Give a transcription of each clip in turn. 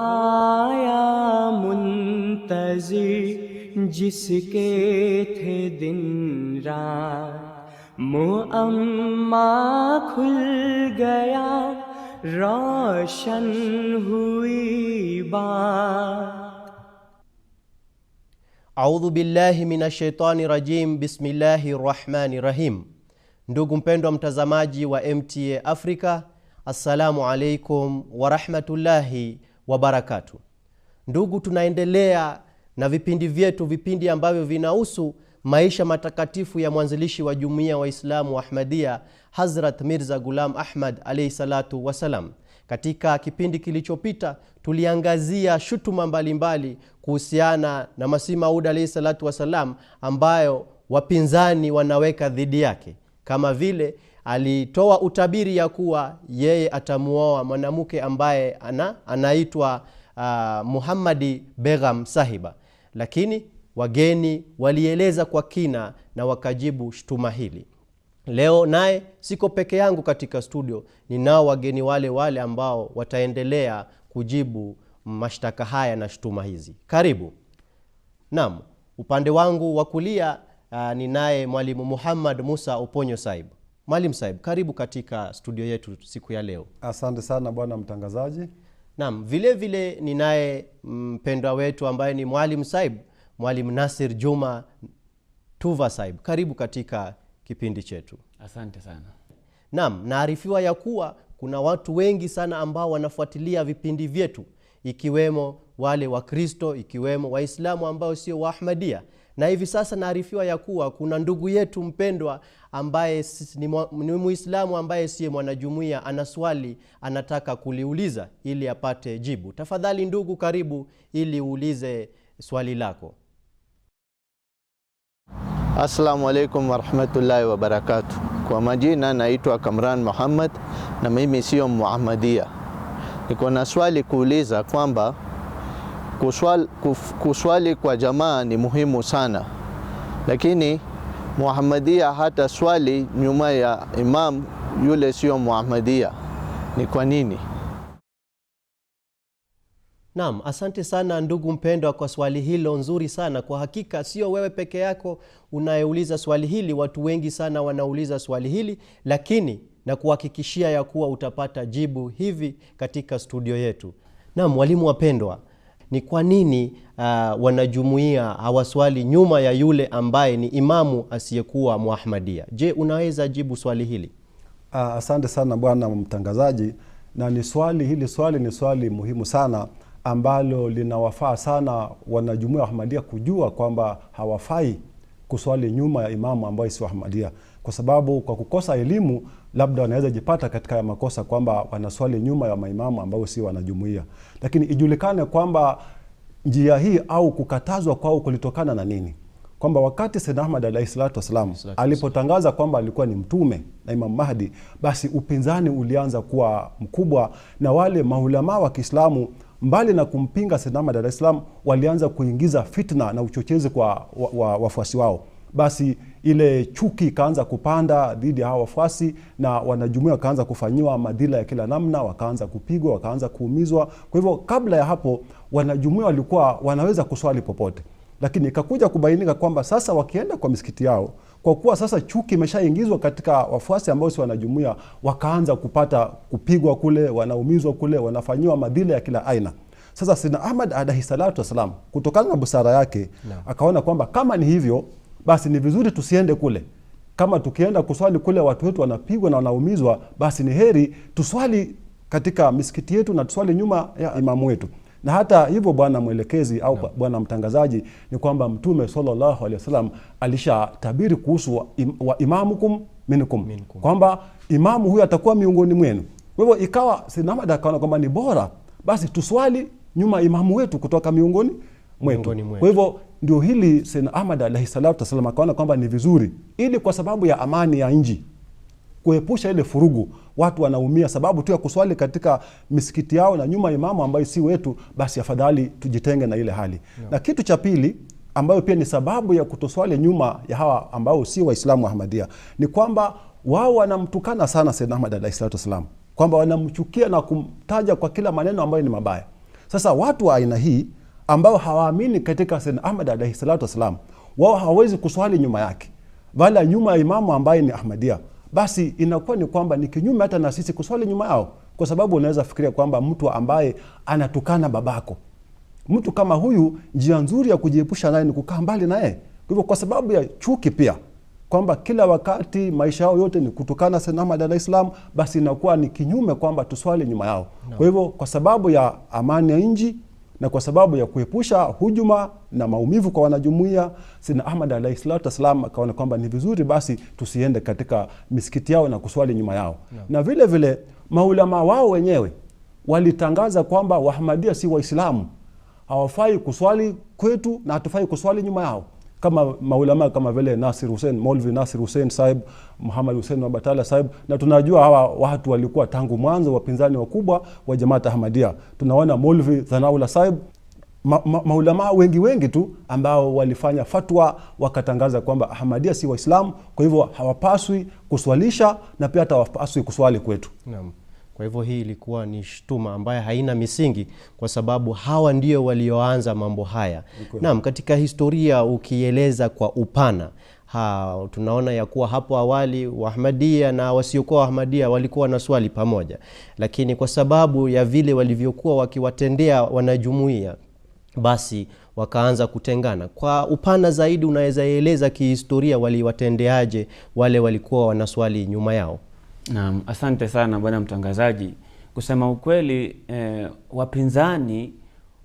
آیا منتظر جس کے تھے دن رات معما کھل گیا روشن ہوئی باد بلّہ منشیت رجیم بسم اللہ رحمٰن رحیم Ndugu mpendwa mtazamaji wa MTA Africa, assalamu alaikum warahmatullahi wabarakatu. Ndugu, tunaendelea na vipindi vyetu, vipindi ambavyo vinahusu maisha matakatifu ya mwanzilishi wa jumuiya Waislamu wa Ahmadia, Hazrat Mirza Gulam Ahmad alaihi salatu wassalam. Katika kipindi kilichopita tuliangazia shutuma mbalimbali kuhusiana na Masihi Maud alaihi salatu wassalam ambayo wapinzani wanaweka dhidi yake kama vile alitoa utabiri ya kuwa yeye atamuoa mwanamke ambaye ana, anaitwa uh, Muhammadi begham Sahiba, lakini wageni walieleza kwa kina na wakajibu shtuma hili. Leo naye siko peke yangu katika studio, ninao wageni wale wale ambao wataendelea kujibu mashtaka haya na shtuma hizi. Karibu. Naam, upande wangu wa kulia uh, ninaye mwalimu Muhammad Musa Uponyo Saib. Mwalimu Saib, karibu katika studio yetu siku ya leo. Asante sana bwana mtangazaji. Naam, vile vile ninaye mpendwa wetu ambaye ni mwalimu Saib, mwalimu Nasir Juma Tuva Saib, karibu katika kipindi chetu. Asante sana. Naam, naarifiwa ya kuwa kuna watu wengi sana ambao wanafuatilia vipindi vyetu ikiwemo wale Wakristo ikiwemo Waislamu ambao sio Waahmadia na hivi sasa naarifiwa ya kuwa kuna ndugu yetu mpendwa ambaye ni Muislamu ambaye siye mwanajumuia, ana swali anataka kuliuliza ili apate jibu. Tafadhali ndugu, karibu ili uulize swali lako. Assalamu alaikum warahmatullahi wabarakatuh. Kwa majina naitwa Kamran Muhammad na mimi siyo Muahmadia. Niko na swali kuuliza kwamba kuswali, kuswali kwa jamaa ni muhimu sana, lakini Muhammadia hata swali nyuma ya imam yule sio Muhammadia. Ni kwa nini? Naam, asante sana ndugu mpendwa kwa swali hilo nzuri sana. Kwa hakika sio wewe peke yako unayeuliza swali hili, watu wengi sana wanauliza swali hili, lakini na kuhakikishia ya kuwa utapata jibu hivi katika studio yetu. Naam, walimu wapendwa ni kwa nini uh, wanajumuia hawaswali nyuma ya yule ambaye ni imamu asiyekuwa Muahmadia? Je, unaweza jibu swali hili? Uh, asante sana bwana mtangazaji, na ni swali hili swali ni swali muhimu sana ambalo linawafaa sana wanajumuia Ahmadia kujua kwamba hawafai kuswali nyuma ya imamu ambaye si Ahmadia, kwa sababu kwa kukosa elimu labda wanaweza jipata katika ya makosa kwamba wanaswali nyuma ya maimamu ambao si wanajumuia, lakini ijulikane kwamba njia hii au kukatazwa kwao kulitokana na nini? Kwamba wakati Sayyidna Ahmad alayhi salatu wasalam alipotangaza kwamba alikuwa ni mtume na Imam Mahdi, basi upinzani ulianza kuwa mkubwa, na wale maulamaa wa Kiislamu mbali na kumpinga Sayyidna Ahmad alayhi walianza kuingiza fitna na uchochezi kwa wafuasi wa, wa wao basi ile chuki ikaanza kupanda dhidi ya hawa wafuasi, na wanajumuia wakaanza kufanyiwa madhila ya kila namna, wakaanza kupigwa, wakaanza kuumizwa. Kwa hivyo kabla ya hapo wanajumuia walikuwa wanaweza kuswali popote, lakini ikakuja kubainika kwamba sasa wakienda kwa misikiti yao kwa kuwa sasa chuki imeshaingizwa katika wafuasi ambao si wanajumuia wakaanza kupata kupigwa kule, wanaumizwa kule, wanafanyiwa madhila ya kila aina. Sasa sina Ahmad alaihi salatu wassalam, kutokana na busara yake no. akaona kwamba kama ni hivyo basi ni vizuri tusiende kule. Kama tukienda kuswali kule watu wetu wanapigwa na wanaumizwa, basi ni heri tuswali katika misikiti yetu na tuswali nyuma ya imamu wetu. Na hata hivyo, bwana mwelekezi au no. bwana mtangazaji, ni kwamba Mtume sallallahu alaihi wasallam alishatabiri kuhusu wa, im, wa minkum, minkum, kwamba imamu huyu atakuwa miongoni mwenu. Kwa hivyo ikawa Sinamada akaona kwamba ni bora basi tuswali nyuma imamu wetu kutoka miongoni mwetu. Kwa hivyo ndio hili Sayyidna Ahmad alayhi salatu wasallam akaona kwamba ni vizuri, ili kwa sababu ya amani ya nji kuepusha ile furugu, watu wanaumia sababu tu ya kuswali katika misikiti yao na nyuma imamu ambayo si wetu, basi afadhali tujitenge na ile hali yeah. Na kitu cha pili ambayo pia ni sababu ya kutoswali nyuma ya hawa ambao si Waislamu wa ni kwamba wao wanamtukana sana Sayyidna Ahmad alayhi salatu wasallam kwamba wanamchukia na kumtaja kwa kila maneno ambayo ni mabaya. Sasa watu wa aina hii ambao hawaamini katika Sayyidina Ahmad alayhi salatu wasalam, wao hawawezi kuswali nyuma yake wala nyuma ya imamu ambaye ni Ahmadia, basi inakuwa ni kwamba ni kinyume hata na sisi kuswali nyuma yao, kwa sababu unaweza fikiria kwamba mtu ambaye anatukana babako, mtu kama huyu, njia nzuri ya kujiepusha naye ni kukaa mbali naye. Kwa hivyo, kwa sababu ya chuki pia kwamba kila wakati maisha yao yote ni kutukana Sayyidna Ahmad alaihis salam, basi inakuwa ni kinyume kwamba tuswali nyuma yao no. Kwa hivyo, kwa sababu ya amani ya nchi na kwa sababu ya kuepusha hujuma na maumivu kwa wanajumuia, sina Ahmad alayhi salatu wassalam akaona kwamba ni vizuri basi tusiende katika misikiti yao na kuswali nyuma yao no. na vile vile maulama wao wenyewe walitangaza kwamba Wahamadia si Waislamu, hawafai kuswali kwetu na hatufai kuswali nyuma yao kama maulama kama vile Nasir Hussein Molvi, Nasir Hussein Saib, Muhammad Hussein Batala Saib, na tunajua hawa watu walikuwa tangu mwanzo wapinzani wakubwa wa Jamaat Ahmadia. Tunaona Molvi thanaula Saib ma, ma, maulama wengi wengi tu ambao walifanya fatwa wakatangaza kwamba Ahmadia si Waislamu, kwa hivyo hawapaswi kuswalisha na pia hata hawapaswi kuswali kwetu. Naam. Kwa hivyo hii ilikuwa ni shtuma ambayo haina misingi, kwa sababu hawa ndio walioanza mambo haya. Naam, katika historia ukieleza kwa upana ha, tunaona ya kuwa hapo awali wahmadia na wasiokuwa wahmadia walikuwa na swali pamoja, lakini kwa sababu ya vile walivyokuwa wakiwatendea wanajumuia basi wakaanza kutengana. Kwa upana zaidi, unaweza eleza kihistoria waliwatendeaje wale walikuwa wanaswali nyuma yao? Naam, asante sana bwana mtangazaji. Kusema ukweli eh, wapinzani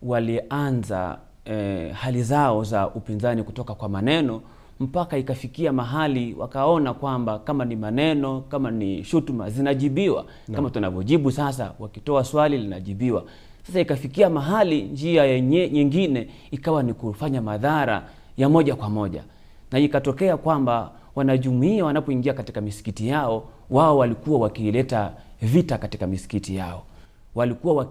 walianza eh, hali zao za upinzani kutoka kwa maneno mpaka ikafikia mahali wakaona kwamba kama ni maneno kama ni shutuma zinajibiwa no. kama tunavyojibu sasa, wakitoa swali linajibiwa. Sasa ikafikia mahali njia yenye, nyingine ikawa ni kufanya madhara ya moja kwa moja, na ikatokea kwamba wanajumuia wanapoingia katika misikiti yao wao walikuwa wakileta vita katika misikiti yao, walikuwa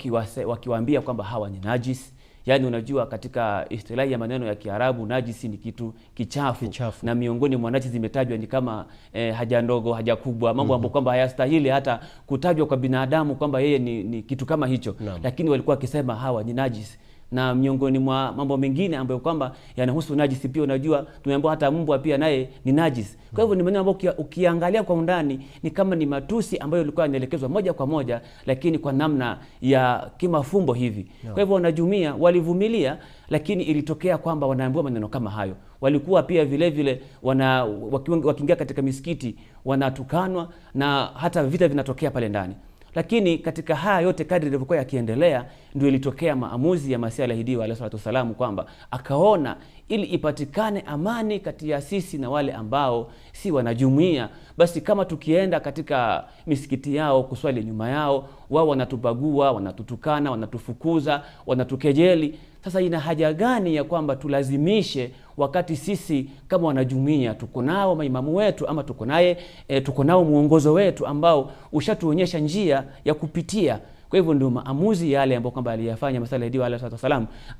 wakiwaambia kwamba hawa ni najis. Yaani, unajua katika istilahi ya maneno ya Kiarabu najisi ni kitu kichafu, kichafu. Na miongoni mwa najisi zimetajwa ni kama eh, haja ndogo, haja kubwa, mambo mhm. ambayo kwamba hayastahili hata kutajwa kwa binadamu kwamba yeye ni, ni kitu kama hicho, lakini walikuwa wakisema hawa ni najisi na miongoni mwa mambo mengine ambayo kwamba yanahusu najisi, pia unajua tumeambiwa hata mbwa pia naye ni najisi. Kwa hivyo ni maneno ambayo ukiangalia kwa undani ni kama ni matusi ambayo ilikuwa yanaelekezwa moja kwa moja, lakini kwa namna ya kimafumbo hivi no. Kwa hivyo wanajumia walivumilia, lakini ilitokea kwamba wanaambiwa maneno kama hayo. Walikuwa pia vile vile wana wakiingia katika misikiti wanatukanwa na hata vita vinatokea pale ndani. Lakini katika haya yote kadri ilivyokuwa yakiendelea, ndio ilitokea maamuzi ya Masihi aliyeahidiwa alah salatu wassalam, kwamba akaona ili ipatikane amani kati ya sisi na wale ambao si wanajumuia, basi kama tukienda katika misikiti yao kuswali nyuma yao, wao wanatubagua, wanatutukana, wanatufukuza, wanatukejeli sasa ina haja gani ya kwamba tulazimishe, wakati sisi kama wanajumuia tuko nao maimamu wetu ama tuko naye e, tuko nao mwongozo wetu ambao ushatuonyesha njia ya kupitia. Kwa hivyo ndio maamuzi yale ambayo kwamba aliyafanya Masala Ediwa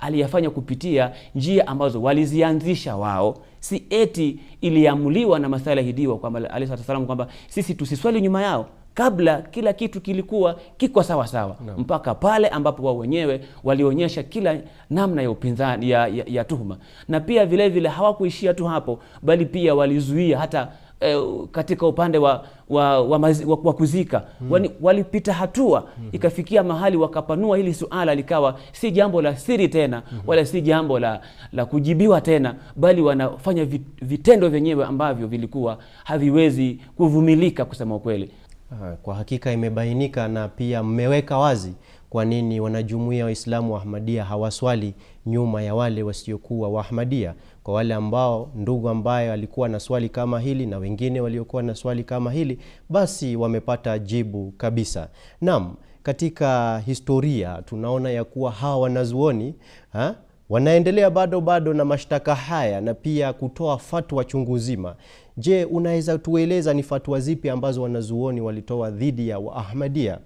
aliyafanya kupitia njia ambazo walizianzisha wao, si eti iliamuliwa na Masala Hidiwa kwamba alayhi kwamba sisi tusiswali nyuma yao. Kabla kila kitu kilikuwa kiko sawa sawa no. mpaka pale ambapo wao wenyewe walionyesha kila namna ya upinzani ya, ya, ya tuhuma, na pia vile vile hawakuishia tu hapo, bali pia walizuia hata eh, katika upande wa, wa, wa, mazi, wa, wa kuzika hmm. walipita hatua hmm. Ikafikia mahali wakapanua hili suala likawa si jambo la siri tena hmm. wala si jambo la, la kujibiwa tena, bali wanafanya vitendo vyenyewe ambavyo vilikuwa haviwezi kuvumilika kusema ukweli. Ah, kwa hakika imebainika na pia mmeweka wazi kwa nini wanajumuia Waislamu wa Ahmadia hawaswali nyuma ya wale wasiokuwa wa Ahmadia. Kwa wale ambao ndugu ambaye alikuwa na swali kama hili na wengine waliokuwa na swali kama hili, basi wamepata jibu kabisa. Naam, katika historia tunaona ya kuwa hawa wanazuoni ha? wanaendelea bado bado na mashtaka haya na pia kutoa fatwa chungu zima. Je, unaweza tueleza ni fatwa zipi ambazo wanazuoni walitoa dhidi ya Waahmadia?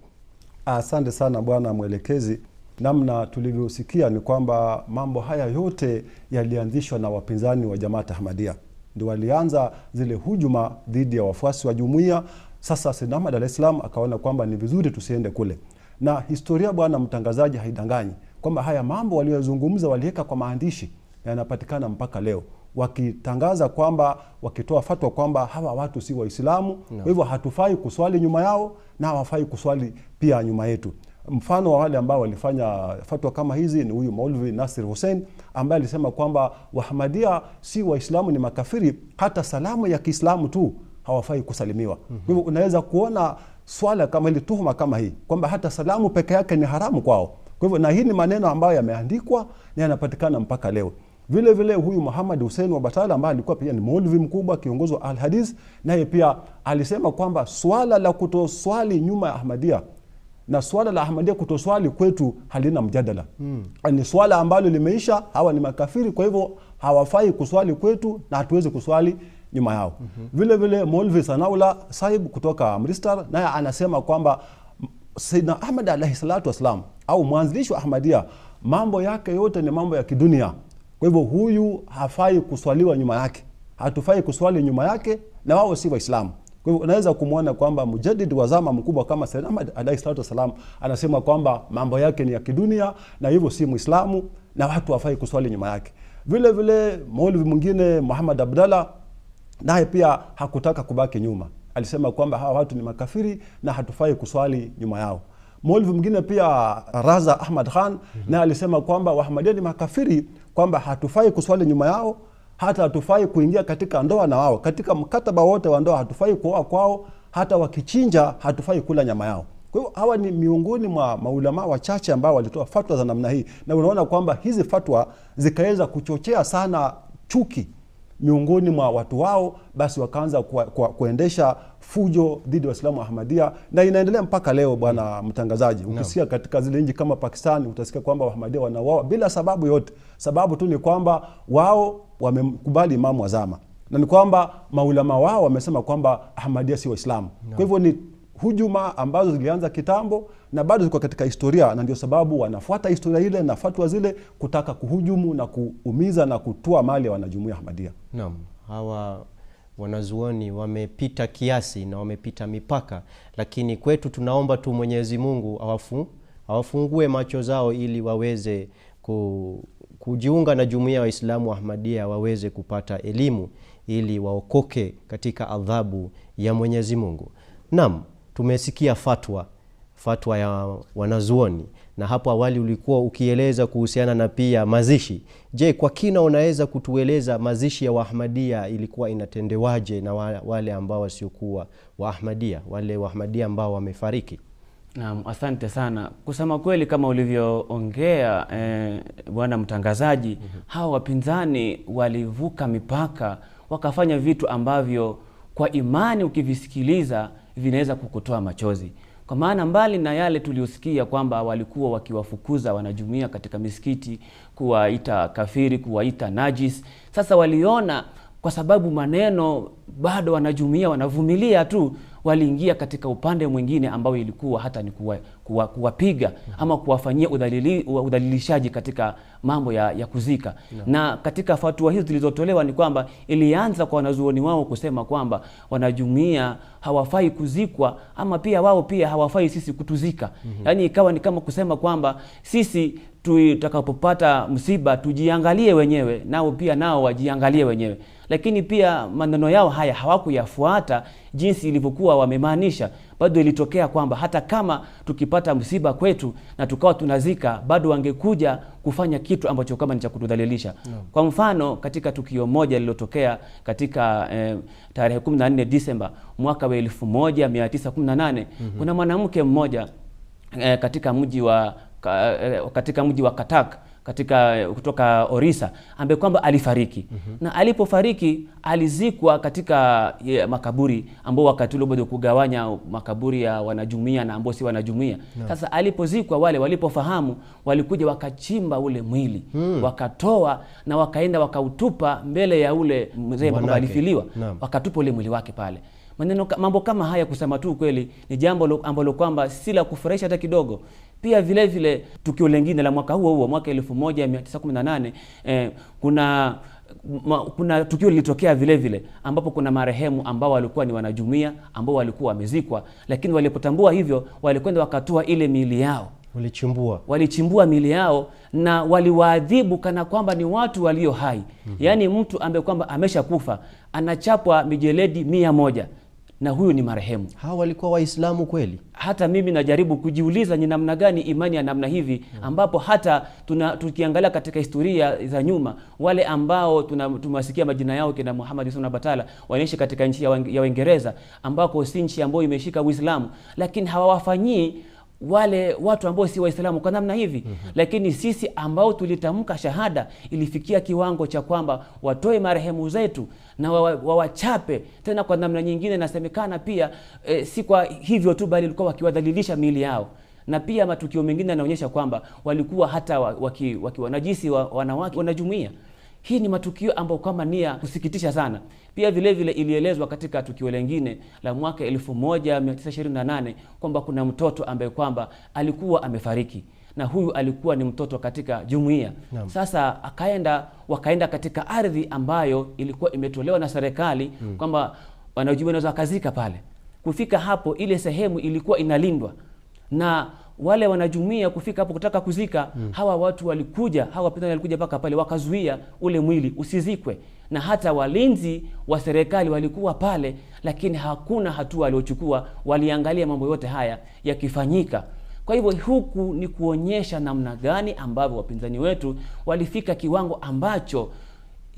Asante sana bwana mwelekezi. Namna tulivyosikia ni kwamba mambo haya yote yalianzishwa na wapinzani wa Jamaat Ahmadia, ndio walianza zile hujuma dhidi ya wafuasi wa jumuiya. Sasa Sinama Dar es akaona kwamba ni vizuri tusiende kule, na historia bwana mtangazaji haidanganyi kwamba haya mambo waliyozungumza waliweka kwa maandishi yanapatikana mpaka leo wakitangaza kwamba wakitoa fatwa kwamba hawa watu si Waislamu no. Kwa hivyo hatufai kuswali nyuma yao na hawafai kuswali pia nyuma yetu. Mfano wa wale ambao walifanya fatwa kama hizi ni huyu Maulvi Nasir Hussein ambaye alisema kwamba Wahamadia si Waislamu, ni makafiri, hata salamu ya Kiislamu tu hawafai kusalimiwa. Mhm. Kwa mm hivyo unaweza kuona swala kama ile tuhuma kama hii kwamba hata salamu peke yake ni haramu kwao. Kwa hivyo na hii ni maneno ambayo yameandikwa na yanapatikana mpaka leo. Vile vile huyu Muhammad Hussein wa Batala ambaye alikuwa pia ni maulvi mkubwa kiongozi wa Al-Hadith, naye pia alisema kwamba swala la kutoswali nyuma ya Ahmadia na swala la Ahmadia kutoswali kwetu halina mjadala hmm. Eh, ni swala ambalo limeisha, hawa ni makafiri, kwa hivyo hawafai kuswali kwetu na hatuwezi kuswali nyuma yao. mm -hmm. Vile vile Molvi Sanaula Saib kutoka Amristar naye anasema kwamba Sayyidina Ahmad alaihi salatu wassalam au mwanzilishi wa Ahmadia mambo yake yote ni mambo ya kidunia mm kwa hivyo huyu hafai kuswaliwa nyuma yake, hatufai kuswali nyuma yake, na wao si Waislamu. Kwa hivyo unaweza kumwona kwamba mjadid wa zama mkubwa kama Sayyid Ahmad alayhi salatu wasalam anasema kwamba mambo yake ni ya kidunia na hivyo si Muislamu na watu hawafai kuswali nyuma yake. Vile vile maulvi mwingine Muhammad abdalah naye pia hakutaka kubaki nyuma, alisema kwamba hawa watu ni makafiri na hatufai kuswali nyuma yao. Maulvi mwingine pia Raza Ahmad Khan mm -hmm. naye alisema kwamba Wahamadia ni makafiri, kwamba hatufai kuswali nyuma yao, hata hatufai kuingia katika ndoa na wao, katika mkataba wote wa ndoa hatufai kuoa kwao, hata wakichinja hatufai kula nyama yao. Kwa hiyo hawa ni miongoni mwa maulamaa wachache ambao walitoa fatwa za namna hii, na unaona kwamba hizi fatwa zikaweza kuchochea sana chuki miongoni mwa watu wao, basi wakaanza kuendesha fujo dhidi ya Waislamu Ahmadia na inaendelea mpaka leo bwana mm. mtangazaji, ukisikia no. katika zile nchi kama Pakistan utasikia kwamba Wahamadia wanauawa bila sababu yote. Sababu tu ni kwamba wao wamekubali Imamu Azama na ni kwamba maulama wao wamesema kwamba Ahmadia si Waislamu no. kwa hivyo ni hujuma ambazo zilianza kitambo na bado ziko katika historia, na ndio sababu wanafuata historia ile na fatwa zile kutaka kuhujumu na kuumiza na kutua mali ya wanajumuiya ahmadia Naam, hawa wanazuoni wamepita kiasi na wamepita mipaka, lakini kwetu tunaomba tu Mwenyezi Mungu awafu, awafungue macho zao ili waweze ku, kujiunga na jumuiya ya Waislamu ahmadia waweze kupata elimu ili waokoke katika adhabu ya Mwenyezi Mungu. Naam, tumesikia fatwa fatwa ya wanazuoni, na hapo awali ulikuwa ukieleza kuhusiana na pia mazishi. Je, kwa kina unaweza kutueleza mazishi ya Waahmadia ilikuwa inatendewaje na wale ambao wasiokuwa Waahmadia, wale Waahmadia ambao wamefariki? Naam, asante sana. Kusema kweli kama ulivyoongea eh, bwana mtangazaji mm -hmm. Hawa wapinzani walivuka mipaka wakafanya vitu ambavyo kwa imani ukivisikiliza vinaweza kukutoa machozi. Kwa maana mbali na yale tuliyosikia kwamba walikuwa wakiwafukuza wanajumuia katika misikiti, kuwaita kafiri, kuwaita najis, sasa waliona kwa sababu maneno bado wanajumuia wanavumilia tu, waliingia katika upande mwingine ambao ilikuwa hata ni kuwa, kuwapiga ama kuwafanyia udhalili, udhalilishaji katika mambo ya, ya kuzika yeah. Na katika fatua hizo zilizotolewa ni kwamba ilianza kwa wanazuoni wao kusema kwamba wanajumuia hawafai kuzikwa ama pia wao pia hawafai sisi kutuzika mm -hmm. Yaani ikawa ni kama kusema kwamba sisi tutakapopata msiba tujiangalie wenyewe, nao pia nao wajiangalie wenyewe. Lakini pia maneno yao haya hawakuyafuata jinsi ilivyokuwa wamemaanisha bado ilitokea kwamba hata kama tukipata msiba kwetu na tukawa tunazika, bado wangekuja kufanya kitu ambacho kama ni cha kutudhalilisha no. Kwa mfano katika tukio moja lililotokea katika eh, tarehe 14 Disemba mwaka wa 1918 mm -hmm. Kuna mwanamke mmoja eh, katika mji wa eh, katika mji wa Katak katika kutoka Orisa ambaye kwamba alifariki mm -hmm. na alipofariki alizikwa katika ye, makaburi ambao wakati ule bado kugawanya makaburi ya wanajumuia na ambao si wanajumuia no. Sasa alipozikwa wale walipofahamu walikuja wakachimba ule mwili mm. wakatoa na wakaenda wakautupa mbele ya ule mzee ambaye alifiliwa no. wakatupa ule mwili wake pale maneno mambo kama haya kusema tu kweli ni jambo ambalo kwamba si la kufurahisha hata kidogo. Pia vile vile tukio lingine la mwaka huo huo mwaka 1918 eh, kuna ma, kuna tukio lilitokea vile vile ambapo kuna marehemu ambao walikuwa ni wanajumuia ambao walikuwa wamezikwa, lakini walipotambua hivyo, walikwenda wakatoa ile miili yao walichimbua walichimbua mili yao na waliwaadhibu kana kwamba ni watu walio hai. mm -hmm. Yaani mtu ambaye kwamba ameshakufa anachapwa mijeledi mia moja na huyu ni marehemu. Hawa walikuwa Waislamu kweli? Hata mimi najaribu kujiuliza ni namna gani imani ya namna hivi, hmm. ambapo hata tuna, tukiangalia katika historia za nyuma wale ambao tumewasikia majina yao kina Muhammad Yusuf Batala wanaishi katika nchi ya Uingereza ambako si nchi ambayo imeshika Uislamu, lakini hawawafanyii wale watu ambao si Waislamu kwa namna hivi mm -hmm. Lakini sisi ambao tulitamka shahada ilifikia kiwango cha kwamba watoe marehemu zetu na wawachape wa, wa tena kwa namna nyingine. Nasemekana pia e, si kwa hivyo tu, bali walikuwa wakiwadhalilisha miili yao na pia matukio mengine yanaonyesha kwamba walikuwa hata wakiwanajisi waki, waki, wanawake wanajumuia hii ni matukio ambayo kwamba ni ya kusikitisha sana. Pia vile vile ilielezwa katika tukio lengine la mwaka 1928 kwamba kuna mtoto ambaye kwamba alikuwa amefariki na huyu alikuwa ni mtoto katika jumuiya. Sasa akaenda wakaenda katika ardhi ambayo ilikuwa imetolewa na serikali hmm, kwamba wanajumuiya wanaweza wakazika pale. Kufika hapo, ile sehemu ilikuwa inalindwa na wale wanajumuia kufika hapo kutaka kuzika mm. hawa watu walikuja, hawa wapinzani walikuja mpaka pale wakazuia ule mwili usizikwe, na hata walinzi wa serikali walikuwa pale, lakini hakuna hatua waliochukua. Waliangalia mambo yote haya yakifanyika. Kwa hivyo huku ni kuonyesha namna gani ambavyo wapinzani wetu walifika kiwango ambacho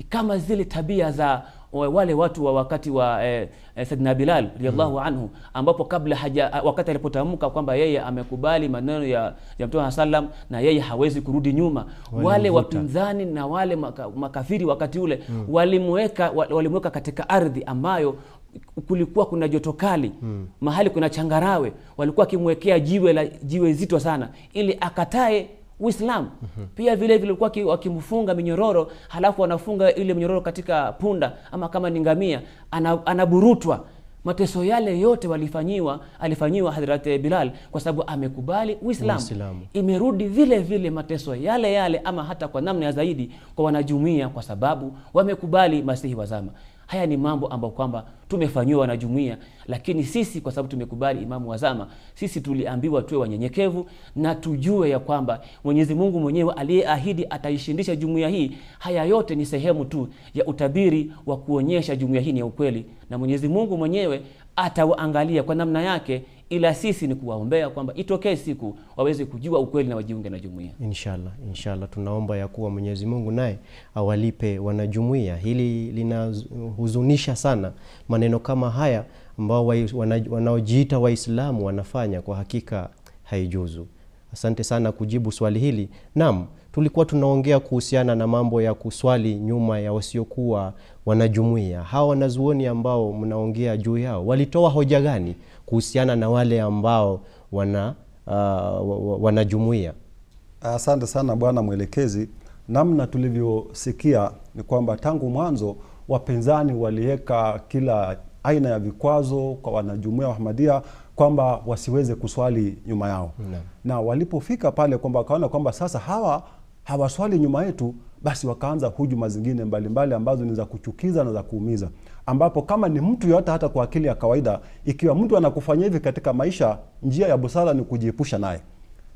kama zile tabia za wale watu wa wakati wa eh, eh, Saidina Bilal radhiallahu mm. Mm-hmm. anhu ambapo kabla haja wakati alipotamka kwamba yeye amekubali maneno ya, ya Mtume salam na yeye hawezi kurudi nyuma wale, wale wapinzani na wale maka, makafiri wakati ule mm. walimweka walimweka katika ardhi ambayo kulikuwa kuna joto kali mm. mahali kuna changarawe walikuwa wakimwekea jiwe la jiwe zito sana ili akatae Uislamu. mm -hmm. Pia vile vile walikuwa wakimfunga minyororo, halafu wanafunga ile minyororo katika punda ama kama ni ngamia, anaburutwa. Mateso yale yote walifanyiwa, alifanyiwa Hadhrat eh, Bilal kwa sababu amekubali Uislamu. Imerudi vile vile mateso yale yale, ama hata kwa namna ya zaidi kwa wanajumuia, kwa sababu wamekubali Masihi wa zama. Haya ni mambo ambayo kwamba tumefanyiwa wanajumuiya, lakini sisi kwa sababu tumekubali Imamu Wazama, sisi tuliambiwa tuwe wanyenyekevu na tujue ya kwamba Mwenyezi Mungu mwenyewe aliyeahidi ataishindisha jumuiya hii. Haya yote ni sehemu tu ya utabiri wa kuonyesha jumuiya hii ni ya ukweli, na Mwenyezi Mungu mwenyewe atawaangalia kwa namna yake ila sisi ni kuwaombea kwamba itokee siku waweze kujua ukweli na wajiunge na jumuiya. Inshallah, inshallah tunaomba ya kuwa Mwenyezi Mungu naye awalipe wanajumuiya. Hili linahuzunisha sana, maneno kama haya ambao wanaojiita Waislamu wanafanya, kwa hakika haijuzu. Asante sana kujibu swali hili. Naam tulikuwa tunaongea kuhusiana na mambo ya kuswali nyuma ya wasiokuwa wanajumuia. Hawa wanazuoni ambao mnaongea juu yao walitoa hoja gani kuhusiana na wale ambao wana uh, wanajumuia? Asante sana bwana mwelekezi. Namna tulivyosikia ni kwamba tangu mwanzo wapinzani waliweka kila aina ya vikwazo kwa wanajumuia wahamadia kwamba wasiweze kuswali nyuma yao na, na walipofika pale kwamba wakaona kwamba sasa hawa hawaswali nyuma yetu, basi wakaanza hujuma zingine mbalimbali ambazo ni za kuchukiza na za kuumiza, ambapo kama ni mtu yoyote hata kwa akili ya kawaida, ikiwa mtu anakufanya hivi katika maisha, njia ya busara ni kujiepusha naye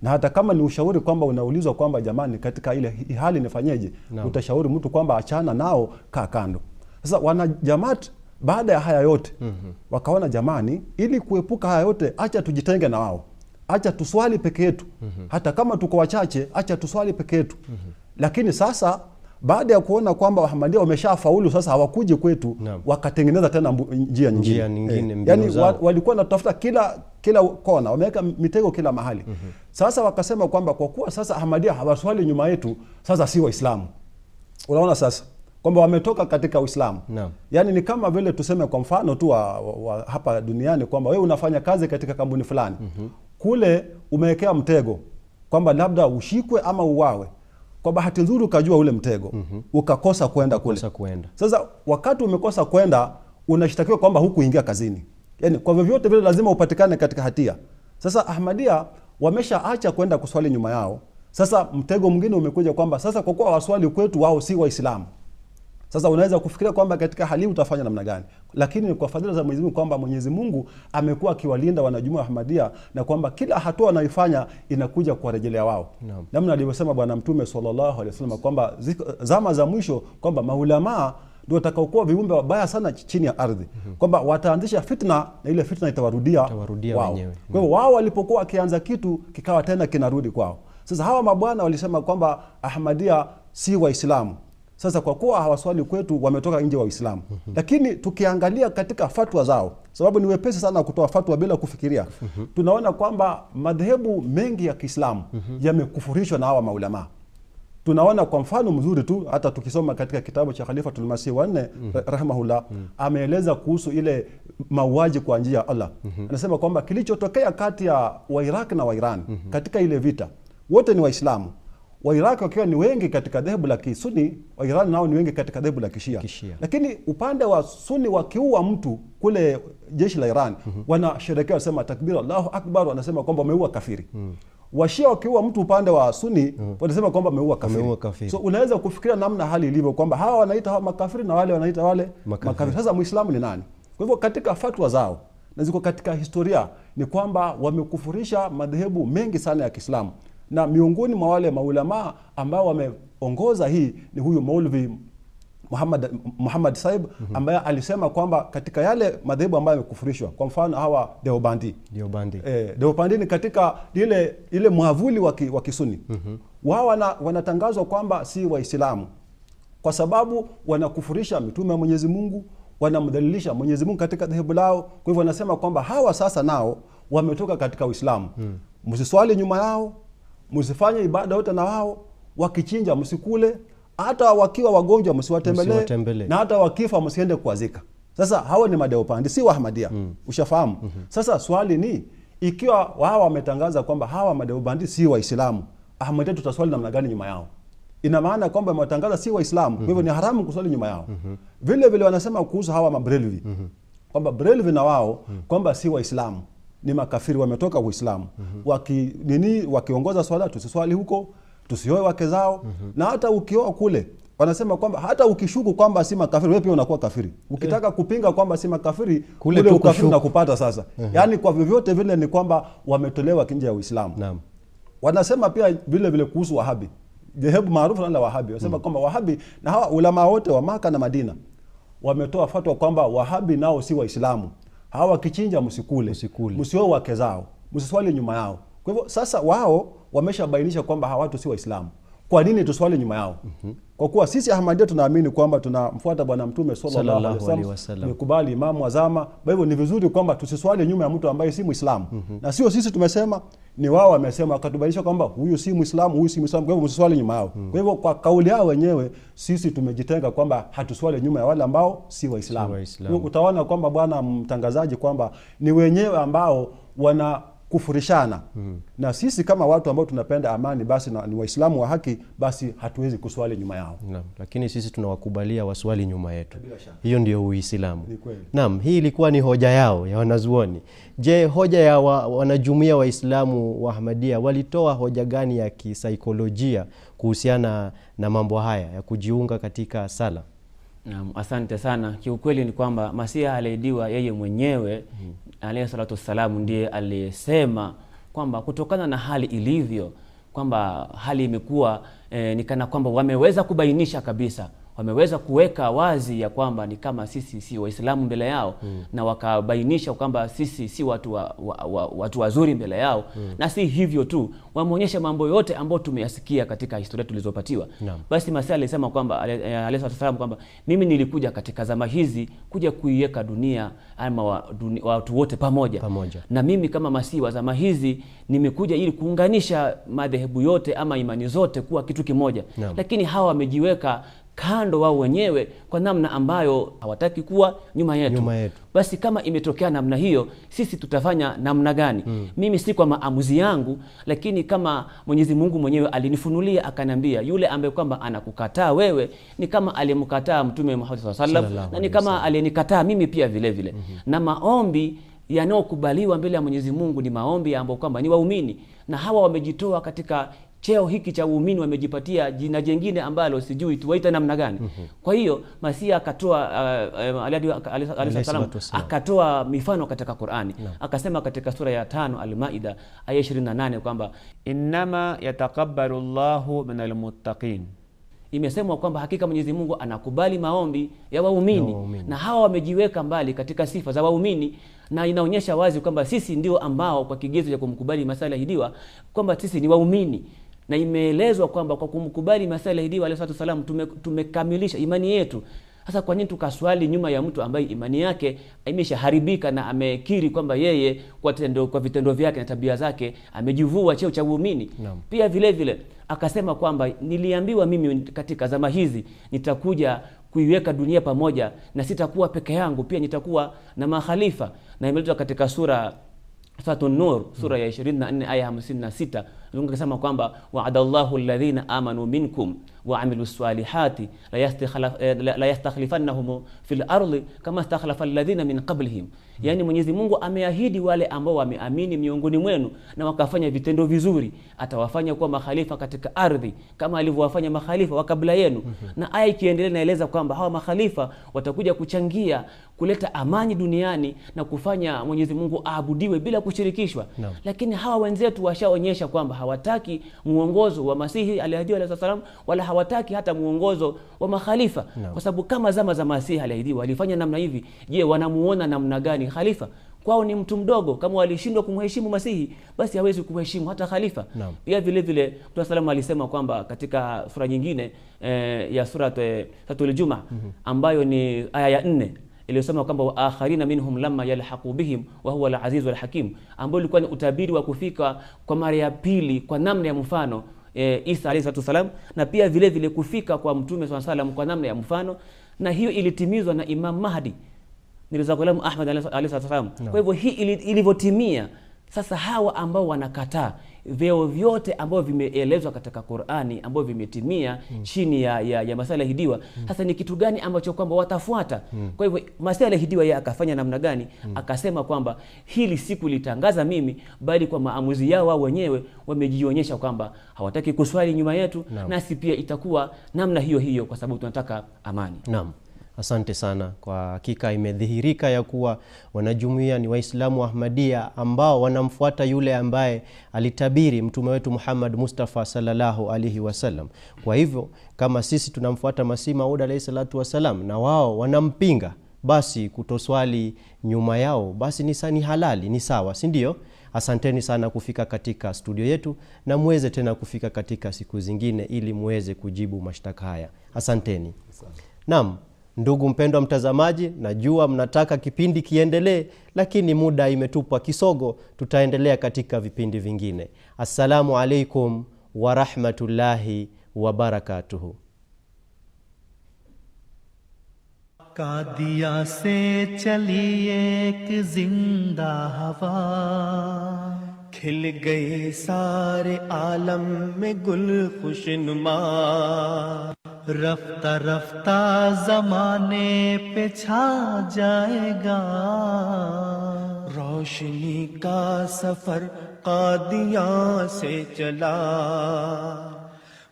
na hata kama ni ushauri kwamba unaulizwa kwamba jamani, katika ile hali nifanyeje, no. utashauri mtu kwamba achana nao, kaa kando. Sasa wanajamat baada ya haya yote mm -hmm. wakaona jamani, ili kuepuka haya yote, acha tujitenge na wao acha tuswali peke yetu mm -hmm. hata kama tuko wachache, acha tuswali peke yetu mm -hmm. Lakini sasa baada ya kuona kwamba Wahamadia wameshafaulu sasa, hawakuji kwetu no. Wakatengeneza tena njia nyingine, njia nyingine eh, yani wa, walikuwa natafuta kila kila kona, wameweka mitego kila mahali mm -hmm. Sasa wakasema kwamba kwa kuwa sasa Ahamadia hawaswali nyuma yetu, sasa si Waislamu. Unaona sasa kwamba wametoka katika Uislamu no. yaani ni kama vile tuseme kwa mfano tu wa, wa, wa, hapa duniani kwamba wewe unafanya kazi katika kampuni fulani mm -hmm kule umewekewa mtego kwamba labda ushikwe ama uwawe. Kwa bahati nzuri ukajua ule mtego mm -hmm. ukakosa kwenda kule. kuenda. Sasa wakati umekosa kwenda unashtakiwa kwamba hukuingia kazini, yani kwa vyovyote vile lazima upatikane katika hatia. Sasa Ahmadia wameshaacha kwenda kuswali nyuma yao. Sasa mtego mwingine umekuja kwamba sasa kwa kuwa waswali kwetu, wao si Waislamu, sasa unaweza kufikiria kwamba katika hali utafanya namna gani, lakini kwa fadhila za Mwenyezi Mungu kwamba Mwenyezi Mungu amekuwa akiwalinda wanajumuiya Ahmadia na kwamba kila hatua wanayoifanya inakuja kuwarejelea wao no. namna alivyosema Bwana Mtume sallallahu alaihi wasallam kwamba zama za mwisho kwamba maulamaa ndio watakaokuwa viumbe wabaya sana chini ya ardhi mm -hmm. kwamba wataanzisha fitna na ile fitna itawarudia, itawarudia wao. kwa hivyo wao walipokuwa wakianza kitu kikawa tena kinarudi kwao. Sasa hawa mabwana walisema kwamba Ahmadia si Waislamu sasa kwa kuwa hawaswali kwetu, wametoka nje wa Uislamu. mm -hmm. Lakini tukiangalia katika fatwa zao, sababu ni wepesi sana kutoa fatwa bila kufikiria. mm -hmm. Tunaona kwamba madhehebu mengi ya Kiislamu mm -hmm. yamekufurishwa na hawa maulamaa. Tunaona kwa mfano mzuri tu, hata tukisoma katika kitabu cha Khalifatul Masih wa nne mm -hmm. rahimahullah mm -hmm. ameeleza kuhusu ile mauaji kwa njia ya Allah. mm -hmm. Anasema kwamba kilichotokea kati ya Wairaq na Wairan mm -hmm. katika ile vita, wote ni Waislamu Wairaki wakiwa ni wengi katika dhehebu la Kisuni, Wairani nao ni wengi katika dhehebu la kishia. Kishia. Lakini upande wa Suni wakiua mtu kule jeshi la Iran mm -hmm. wanasherekea wanasema takbir Allahu Akbar, wanasema kwamba wameua kafiri mm. Washia wakiua mtu upande wa Suni mm. wanasema kwamba wameua kafiri. kafiri. So unaweza kufikiria namna hali ilivyo kwamba hawa wanaita hawa makafiri na wale wanaita wale makafiri. makafiri. Sasa Muislamu ni nani? Kwa hivyo katika fatwa zao na ziko katika historia ni kwamba wamekufurisha madhehebu mengi sana ya Kiislamu na miongoni mwa wale maulamaa ambao wameongoza hii ni huyu Maulvi Muhammad, Muhammad Saib mm -hmm. ambaye alisema kwamba katika yale madhehebu ambayo yamekufurishwa, kwa mfano hawa Deobandi Deobandi, eh, Deobandi ni katika ile ile mwavuli wa Kisuni mm -hmm. wao wana, wanatangazwa kwamba si Waislamu kwa sababu wanakufurisha mitume ya Mwenyezi Mungu, wanamdhalilisha Mwenyezi Mungu katika dhehebu lao. Kwa hivyo wanasema kwamba hawa sasa nao wametoka katika Uislamu, hmm. msiswali nyuma yao msifanye ibada yote na wao, wakichinja msikule, hata wakiwa wagonjwa msiwatembelee, na hata wakifa msiende kuwazika. Sasa hawa ni madeopandi, si Waahmadia mm. Ushafahamu mm -hmm. Sasa swali ni ikiwa wao wametangaza kwamba hawa madeobandi si Waislamu, Ahmadia tutaswali namna gani nyuma yao? Ina maana kwamba wametangaza si Waislamu, kwa mm -hmm. ni mm-hmm. haramu kuswali nyuma yao mm -hmm. Vile vile wanasema kuhusu hawa mabrelvi mm -hmm. kwamba brelvi na wao mm -hmm. kwamba si Waislamu ni makafiri wametoka Uislamu mm -hmm. waki, nini wakiongoza swala tusiswali huko tusioe wake zao mm -hmm. na hata ukioa kule wanasema kwamba hata ukishuku kwamba si makafiri wewe pia unakuwa kafiri ukitaka eh. kupinga kwamba si makafiri kule, kule ukafiri kupata sasa mm -hmm. yaani kwa vyovyote vile ni kwamba wametolewa nje ya Uislamu naam wanasema pia vile vile kuhusu Wahabi dhehebu maarufu la Wahabi wanasema mm -hmm. kwamba Wahabi na hawa ulama wote wa Maka na Madina wametoa fatwa kwamba Wahabi nao si Waislamu hawa wakichinja msikule, msio wake zao msiswali nyuma yao. Kwa hivyo sasa wao wameshabainisha kwamba hawa watu si Waislamu. Kwa nini tuswali nyuma yao? mm -hmm. Kwa kuwa sisi ahmadia tunaamini kwamba tunamfuata Bwana Mtume sallallahu alaihi wasallam, nikubali imamu wazama Kwa hivyo ni vizuri kwamba tusiswali nyuma ya mtu ambaye si Muislamu. mm -hmm. na sio sisi tumesema ni wao wamesema, wakatubalisha kwamba huyu si Muislamu, huyu si Muislamu, kwa hivyo msiswali nyuma yao. hmm. Kwa hivyo kwa kauli yao wenyewe sisi tumejitenga kwamba hatuswali nyuma ya wale ambao si Waislamu. Si Waislamu. Utaona kwamba bwana mtangazaji, kwamba ni wenyewe ambao wana kufurishana mm. na sisi kama watu ambao tunapenda amani basi na ni waislamu wa haki basi hatuwezi kuswali nyuma yao naam, lakini sisi tunawakubalia waswali nyuma yetu hiyo ndio uislamu naam hii ilikuwa ni hoja yao ya wanazuoni je hoja ya wa, wanajumuia waislamu wa ahmadia walitoa hoja gani ya kisaikolojia kuhusiana na mambo haya ya kujiunga katika sala Naam, asante sana. Kiukweli ni kwamba Masiha aliahidiwa yeye mwenyewe hmm alayhi salatu wassalamu ndiye aliyesema kwamba kutokana na hali ilivyo kwamba hali imekuwa e, ni kana kwamba wameweza kubainisha kabisa wameweza kuweka wazi ya kwamba ni kama sisi si Waislamu mbele yao mm. na wakabainisha kwamba sisi si watu, wa, wa, wa, watu wazuri mbele yao mm. na si hivyo tu, wameonyesha mambo yote ambayo tumeyasikia katika historia tulizopatiwa no. Basi masi alisema kwamba eh, alayhi kwamba mimi nilikuja katika zama hizi kuja kuiweka dunia ama wa, duni, watu wote pamoja. pamoja na mimi kama masi wa zama hizi nimekuja ili kuunganisha madhehebu yote ama imani zote kuwa kitu kimoja no. Lakini hawa wamejiweka kando wao wenyewe kwa namna ambayo hawataki kuwa nyuma yetu. Nyuma yetu. Basi kama imetokea namna hiyo, sisi tutafanya namna gani? Mm. Mimi si kwa maamuzi yangu, lakini kama Mwenyezi Mungu mwenyewe alinifunulia akaniambia, yule ambaye kwamba anakukataa wewe ni kama aliyemkataa Mtume Muhammad sallallahu alaihi na ni kama aliyenikataa mimi pia vile vile. Mm -hmm. Na maombi yanayokubaliwa mbele ya Mwenyezi Mungu ni maombi ambayo kwamba ni waumini na hawa wamejitoa katika cheo hiki cha uumini wamejipatia jina jengine ambalo sijui tuwaita namna gani. mm -hmm. Kwa hiyo Masia akatoa uh, um, akatoa mifano katika Qur'ani no. Akasema katika sura ya tano Al-Maida aya 28 kwamba innama yataqabbalu Allahu min muttaqin imesemwa kwamba hakika Mwenyezi Mungu anakubali maombi ya waumini no, na hawa wamejiweka mbali katika sifa za waumini, na inaonyesha wazi kwamba sisi ndio ambao kwa kigezo cha kumkubali masala hidiwa kwamba sisi ni waumini na imeelezwa kwamba kwa kumkubali Masih alayhi salatu tume, tumekamilisha imani yetu. Sasa kwa nini tukaswali nyuma ya mtu ambaye imani yake imeshaharibika na amekiri kwamba yeye kwa tendo, kwa vitendo vyake na tabia zake amejivua cheo cha uumini? No. Pia vile vile akasema kwamba niliambiwa mimi katika zama hizi nitakuja kuiweka dunia pamoja na sitakuwa peke yangu, pia nitakuwa na makhalifa, na imeletwa katika sura Nur sura ya 24 aya 56 Mungu akasema kwamba wa'adallahu alladhina amanu minkum wa amilu salihati la yastakhlifannahum fil ardi kama stakhlafa alladhina min qablihim, yani Mwenyezi Mungu ameahidi wale ambao wameamini miongoni mwenu na wakafanya vitendo vizuri, atawafanya kuwa makhalifa katika ardhi kama alivyowafanya makhalifa wa kabla yenu. Mhm. Na aya ikiendelea inaeleza kwamba hawa makhalifa watakuja kuchangia kuleta amani duniani na kufanya Mwenyezi Mungu aabudiwe bila kushirikishwa, lakini hawa wenzetu washaonyesha kwamba kwamba hawataki muongozo wa Masihi aliahidiwa alayhi salam, wala hawataki hata mwongozo wa makhalifa no. Kwa sababu kama zama za Masihi aliahidiwa alifanya namna hivi, je, wanamuona namna gani khalifa? Kwao ni mtu mdogo. Kama walishindwa kumheshimu Masihi, basi hawezi kumheshimu hata khalifa no. Pia vile vile Mtume salamu alisema kwamba katika sura nyingine eh, ya sura Suratul Juma mhm. ambayo ni aya ya nne iliyosema kwamba wa akharina minhum lamma yalhaqu bihim wa huwa al-aziz ambao ilikuwa ni utabiri wa kufika kwa mara ya pili kwa namna ya mfano e, Isa alayhi salatu wasalam, na pia vile vile kufika kwa mtume swalla salam kwa namna ya mfano, na hiyo ilitimizwa na Imam Mahdi nilizakulamu Ahmad alayhi salatu wasalam. Kwa hivyo hii ilivyotimia sasa, hawa ambao wanakataa vyeo vyote ambavyo vimeelezwa katika Qur'ani ambavyo vimetimia mm. chini ya, ya, ya masala hidiwa hmm. sasa ni kitu gani ambacho kwamba watafuata mm. kwa hivyo masala hidiwa yeye akafanya namna gani mm. akasema kwamba hili siku litangaza mimi bali kwa maamuzi yao wao wenyewe wamejionyesha kwamba hawataki kuswali nyuma yetu Naam. nasi pia itakuwa namna hiyo hiyo kwa sababu tunataka amani Naam. Asante sana. Kwa hakika imedhihirika ya kuwa wanajumuia ni Waislamu wa Ahmadia ambao wanamfuata yule ambaye alitabiri mtume wetu Muhammad Mustafa salllahu alaihi wasallam. Kwa hivyo kama sisi tunamfuata Masihi Maud alaihi salatu wassalam na wao wanampinga, basi kutoswali nyuma yao basi ni halali, ni sawa, si Asanteni sana kufika katika studio yetu na muweze tena kufika katika siku zingine ili muweze kujibu mashtaka haya. Asanteni. Asante. Ndugu mpendwa mtazamaji, najua mnataka kipindi kiendelee, lakini muda imetupwa kisogo. Tutaendelea katika vipindi vingine. Assalamu alaikum warahmatullahi wabarakatuhu. Qadian से चली एक जिंदा हवा खिल गए सारे आलम में गुल खुशनुमा رفتہ رفتہ زمانے پہ چھا جائے گا روشنی کا سفر قادیاں سے چلا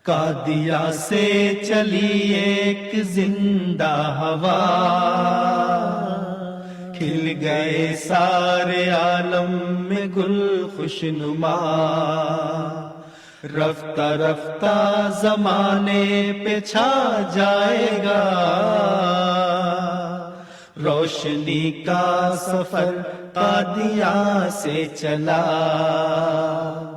کا سے چلی ایک زندہ ہوا کھل گئے سارے عالم میں گل خوش خوشنما رفتہ رفتہ زمانے پہ چھا جائے گا روشنی کا سفر قادیاں سے چلا